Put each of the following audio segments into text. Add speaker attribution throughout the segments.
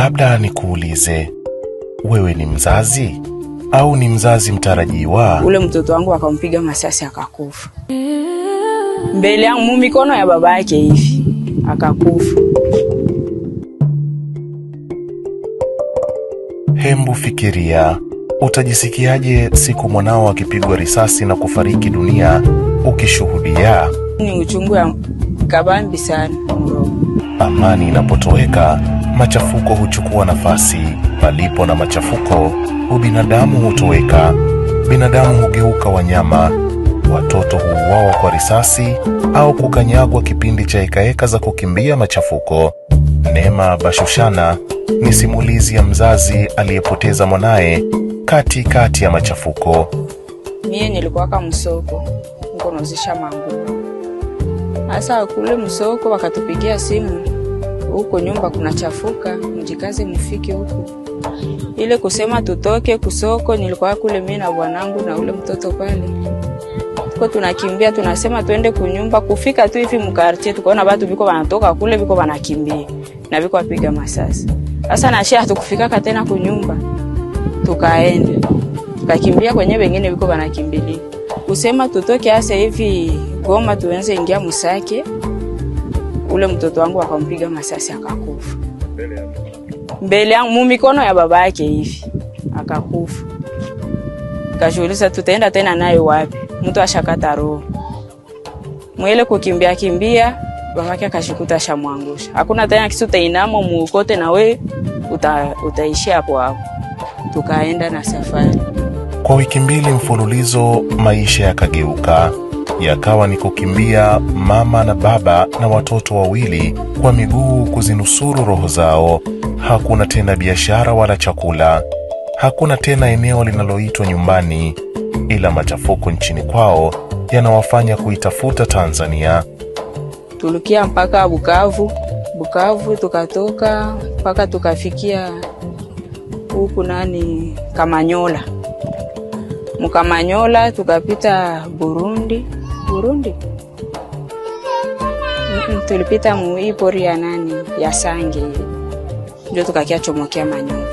Speaker 1: labda nikuulize, wewe ni mzazi au ni mzazi mtarajiwa?
Speaker 2: Ule mtoto wangu akampiga masasi akakufa mbele yangu, mu mikono ya baba yake hivi akakufa.
Speaker 1: Hembu fikiria, utajisikiaje siku mwanao akipigwa risasi na kufariki dunia ukishuhudia?
Speaker 2: Ni uchungu ya kabambi sana.
Speaker 1: Amani inapotoweka machafuko huchukua nafasi. Palipo na machafuko, ubinadamu hutoweka, binadamu hugeuka wanyama, watoto huuawa kwa risasi au kukanyagwa kipindi cha hekaheka za kukimbia machafuko. Neema Bashushana ni simulizi ya mzazi aliyepoteza mwanaye kati kati ya machafuko.
Speaker 2: Mie nilikuwaka msoko nkonozisha manguo, hasa kule msoko wakatupigia simu huko nyumba kunachafuka, mjikaze mufike huko. Ile kusema tutoke kusoko, nilikuwa kule mimi na bwanangu na ule mtoto pale, tuko tunakimbia, tunasema twende kunyumba. Kufika tu hivi mkartie, tukaona watu viko wanatoka kule, viko wanakimbia na viko wapiga masasi. Sasa na shia hatukufikaka tena kunyumba, tukaenda tukakimbia kwenye wengine viko wanakimbilia, kusema tutoke hasa hivi Goma tuenze ingia Musake ule mtoto wangu akampiga masasi akakufa mbele yangu mumikono ya baba yake hivi akakufa. Kashughulisa, tutaenda tena naye wapi? Mtu ashakata roho mwele kukimbia kimbia, babake akashikuta shamwangusha. Hakuna tena kisu tainamo muukote na we uta, utaishia hapo hapo. Tukaenda na safari
Speaker 1: kwa wiki mbili mfululizo, maisha yakageuka yakawa ni kukimbia mama na baba na watoto wawili kwa miguu kuzinusuru roho zao. Hakuna tena biashara wala chakula, hakuna tena eneo linaloitwa nyumbani, ila machafuko nchini kwao yanawafanya kuitafuta Tanzania.
Speaker 2: Tulikia mpaka Bukavu, Bukavu tukatoka mpaka tukafikia huku nani Kamanyola, Mkamanyola tukapita Burundi Burundi tulipita muhii pori ya nani ya Sange ndio tukakia chomokea manyofu.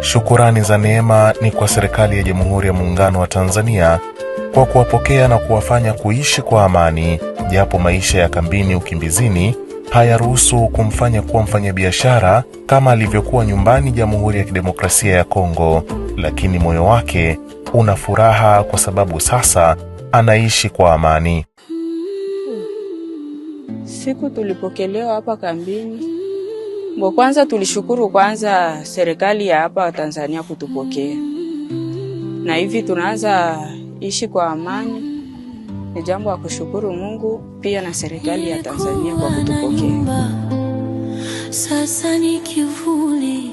Speaker 1: Shukurani za neema ni kwa serikali ya Jamhuri ya Muungano wa Tanzania kwa kuwapokea na kuwafanya kuishi kwa amani, japo maisha ya kambini ukimbizini hayaruhusu kumfanya kuwa mfanyabiashara kama alivyokuwa nyumbani Jamhuri ya Kidemokrasia ya Kongo, lakini moyo wake una furaha kwa sababu sasa anaishi kwa amani.
Speaker 2: Siku tulipokelewa hapa kambini, ngo kwanza tulishukuru kwanza serikali ya hapa Tanzania kutupokea, na hivi tunaanza ishi kwa amani ni jambo la kushukuru Mungu pia na serikali ya Tanzania kwa kutupokea. Sasa ni kivuli